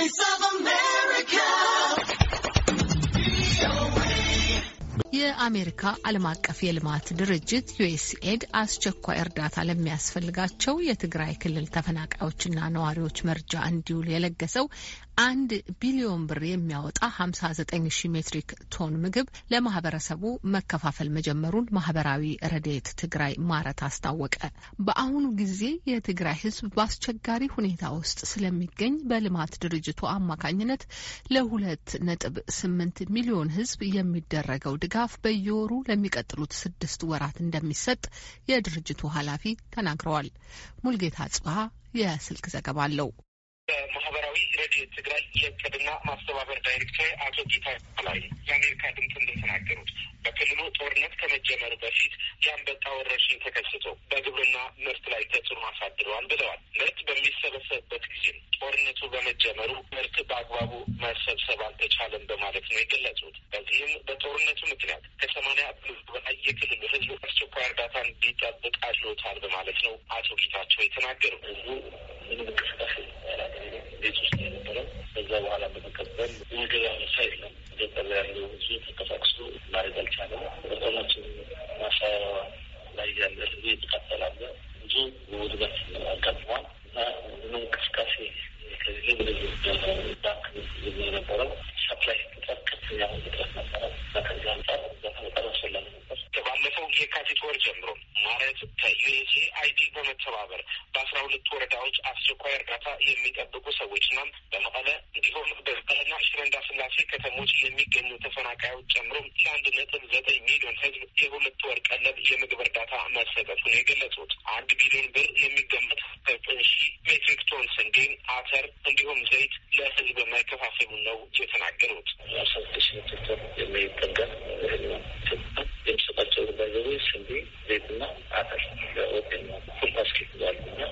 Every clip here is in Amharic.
Voice of የአሜሪካ ዓለም አቀፍ የልማት ድርጅት ዩኤስኤድ አስቸኳይ እርዳታ ለሚያስፈልጋቸው የትግራይ ክልል ተፈናቃዮችና ነዋሪዎች መርጃ እንዲውል የለገሰው አንድ ቢሊዮን ብር የሚያወጣ 59 ሺህ ሜትሪክ ቶን ምግብ ለማህበረሰቡ መከፋፈል መጀመሩን ማህበራዊ ረድኤት ትግራይ ማረት አስታወቀ። በአሁኑ ጊዜ የትግራይ ሕዝብ በአስቸጋሪ ሁኔታ ውስጥ ስለሚገኝ በልማት ድርጅቱ አማካኝነት ለሁለት ነጥብ ስምንት ሚሊዮን ሕዝብ የሚደረገው ድጋፍ ድጋፍ በየወሩ ለሚቀጥሉት ስድስት ወራት እንደሚሰጥ የድርጅቱ ኃላፊ ተናግረዋል። ሙልጌታ ጽብሀ የስልክ ዘገባ አለው። በማህበራዊ ረድኤት ትግራይ የእቅድና ማስተባበር ዳይሬክተር አቶ ጌታ ላይ የአሜሪካ ድምፅ እንደተናገሩት ክልሉ ጦርነት ከመጀመሩ በፊት የአንበጣ ወረርሽኝ ተከስቶ በግብርና ምርት ላይ ተጽዕኖ አሳድረዋል ብለዋል። ምርት በሚሰበሰብበት ጊዜ ጦርነቱ በመጀመሩ ምርት በአግባቡ መሰብሰብ አልተቻለም በማለት ነው የገለጹት። በዚህም በጦርነቱ ምክንያት ከሰማኒያ በላይ የክልሉ ሕዝብ አስቸኳይ እርዳታ እንዲጠብቅ አድሎታል በማለት ነው አቶ ጌታቸው የተናገሩ ምንም እንቅስቃሴ ቤት ውስጥ የነበረው በዛ በኋላ በመቀበል ምግብ አነሳ ጊዜ ትቀበላለ ብዙ ውድበት አጋጥሟል እና ምንም እንቅስቃሴ ከዚህ ብለ ባንክ የነበረው ሰፕላይ ጥረት ከፍተኛ ውጥረት ነበረ እና ከዚህ አንጻር በጣም አስፈላጊ ነበር። ከባለፈው የካቲት ወር ጀምሮ ማለት ከዩኤስኤአይዲ በመተባበር አስራ ሁለት ወረዳዎች አስቸኳይ እርዳታ የሚጠብቁ ሰዎችና በመቀለ እንዲሁም በመቀለና ሽረንዳ ስላሴ ከተሞች የሚገኙ ተፈናቃዮች ጨምሮ ለአንድ ነጥብ ዘጠኝ ሚሊዮን ህዝብ የሁለት ወር ቀለብ የምግብ እርዳታ መሰጠቱን የገለጹት አንድ ቢሊዮን ብር የሚገመት ዘጠኝ ሺ ሜትሪክ ቶን ስንዴን፣ አተር እንዲሁም ዘይት ለህዝብ መከፋፈሉ ነው የተናገሩት። ስድስት ሜትሪክ ቶን የሚጠጋ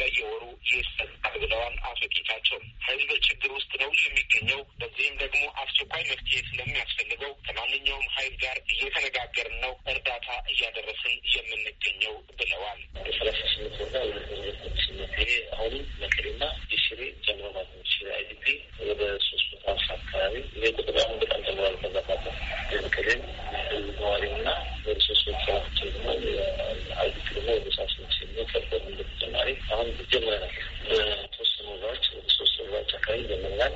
በየወሩ ይሰጣል ብለዋል አቶ ጌታቸው። ህዝብ ችግር ውስጥ ነው የሚገኘው። በዚህም ደግሞ አስቸኳይ መፍትሄ ስለሚያስፈልገው ከማንኛውም ኃይል ጋር እየተነጋገርን ነው እርዳታ እያደረስን የምንገኘው ብለዋል። አሁን ጀምረናል። በተወሰኑ ወራዎች ወደ ሶስት ወራዎች አካባቢ ጀምረናል።